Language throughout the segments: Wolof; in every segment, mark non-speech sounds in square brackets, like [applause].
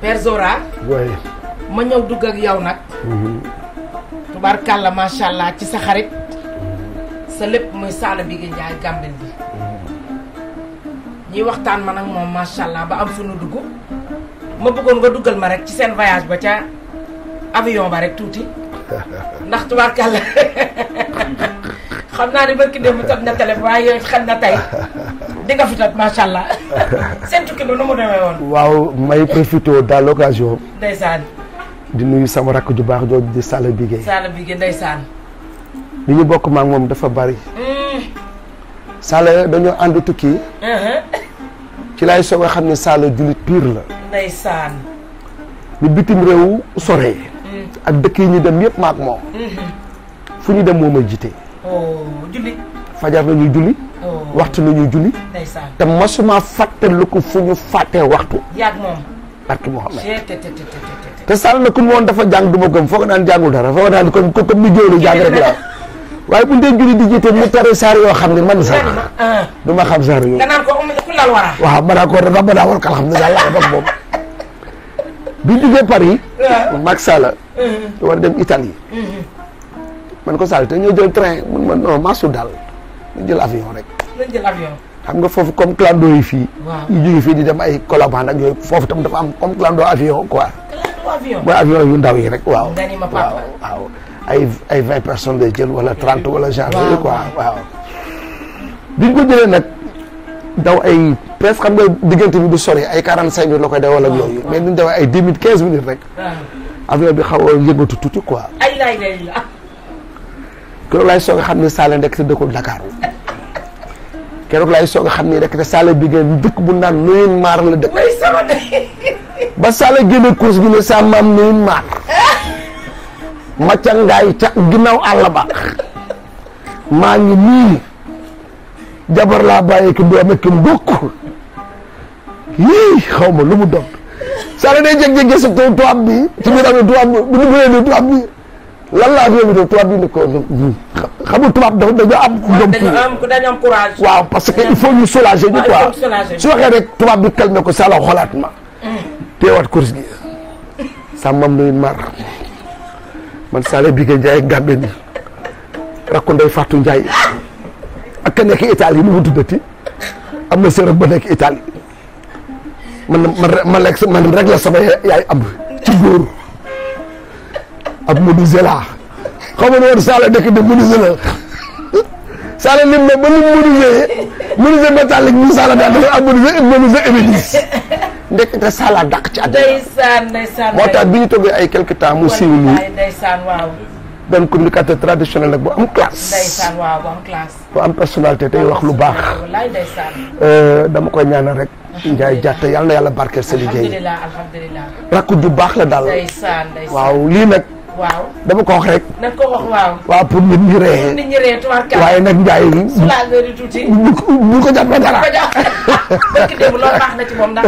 Père Zora. waaye. ma ñëw dugg ak yow nag. Mhm. tubaarkàlla macha allah ci sa xarit. sa lépp muy saala bi nga jaay gàmbel bi. ñuy waxtaan ma nag moom macha allah ba am fu nu dugg. ma bëggoon nga duggal ma rek ci seen voyage ba ca avion ba rek tuuti. [laughs] ndax tubaarkàlla. [laughs] xam naa ne barki démb toj na téléphone waaye xel na tey di nga fi allah [laughs] seen tukki ba nu mu demee woon. waaw may profité dans l' occasion. di nuyu sama rakk ju baax jooju di Sall Bigué. Sall Bigué ndeysaan. li ñu bokk maak dafa bari. Hmm. Sall dañoo ànd tukki. Uh-huh. ci laay xam ne Sall jullit pire la. bitim réew sore. Hmm. ak dëkk yi ñu dem yëpp maak moom. Hmm. fu ñu dem moom a jiite. Oh, julli. fajar la ñuy julli. Oh. waxtu la ñuy julli. te masuma fàtte lu ko fu ñu fàttee waxtu. yaag moom. barke Muhammad. te sàll na ku mu woon dafa jàng du ma gëm foog naan jàngul dara foog naan comme comme ni jàng rek laa [laughs] waaye bu ñu di jiite mu saar yoo xam ne man sax ah. du ma xam saar yoo. danaan ko xulal um, ko dafa a war xam ne daal laa [laughs] moom. bi ñu jógee Paris. waaw ah. Macky Sall. war mm-hmm. dem Italie. Mm-hmm. man ko Sall te ñoo jël train mun ma non masu daal ñu jël avion rek. nañ nga foofu comme clando yi fii. waaw ñu jógee fii di dem ay Colobane ak yooyu foofu tam dafa am comme clando avion quoi. clando avion mooy avion ndaw yi rek waaw. waaw waaw ay ay vingt personnes lay jël wala trente wala genre yooyu quoi waaw. biñ ko jëlee nag daw ay presque xam nga diggante bi du sori ay quarante cinq minutes la koy dawal ak yooyu. mais ñu dawal ay dix minutes quinze minutes rek. avion bi xaw a yëngatu tuuti quoi. keroog laay soog a xam ne Saala ndekete dëkkul Dakar keroog laay soog a xam ne ndekete Saala bi ngeen dëkk bu naan nuyoon maar la dëkk. ba Saala génne course bi ne sa maam nuyoon maar. Macha ngaay ca ginnaaw àll ba. maa ngi nii. jabar laa bàyyi ki doom ki mbokk yii xaw ma lu mu doon. Saala day jégjége sa tool tubaab bi ci biir am na tubaab bi bu bi. lan laa ñëw itam tubaab yi ne ko hmm. am. waaw parce que il faut ñu soulager ñu quoi su waxee rek tubaab bi calmé ko sala xolaat ma. Hmm. teewaat course gi. sàmmam muy mar man Saalé Bigué Ndiaye Gambie nii rakku ndey Fatou Ndiaye nekk Italie nu mu tuddati am na sërëb ba nekk Italie man man la sama yaay am ci góor. ab menuisier laa xam nga woon Sala dëkk de menuisier la lim na ba lim menuisier menuisier mu Sala daal dafa am menuisier menuisier ébéniste ndekete Sala dàq ci àddina. ndeysaan ndeysaan moo tax bi ñu toggee ay quelque temps mu siiw nii. ndeysaan waaw. benn communicateur nag bu am classe. ndeysaan am classe. bu am wax lu baax. wallaay ndeysaan. Euh, dama koy ñaanal rek. Ndiaye jàtte yàlla na yàlla barkeel sa liggéey. rakku ju baax la daal. lii nag. waaw dama ko wax rek. na ko wax waaw. waaw pour nit ñi ree. pour nit ñi ree tubarkalla waaye nag njaay yi. su laa nga di tuuti. bu bu ko jàppee dara. bu ko jàppee loolu baax na ci moom ndax.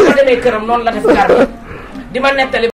boo demee këram noonu la def garab di ma nettali.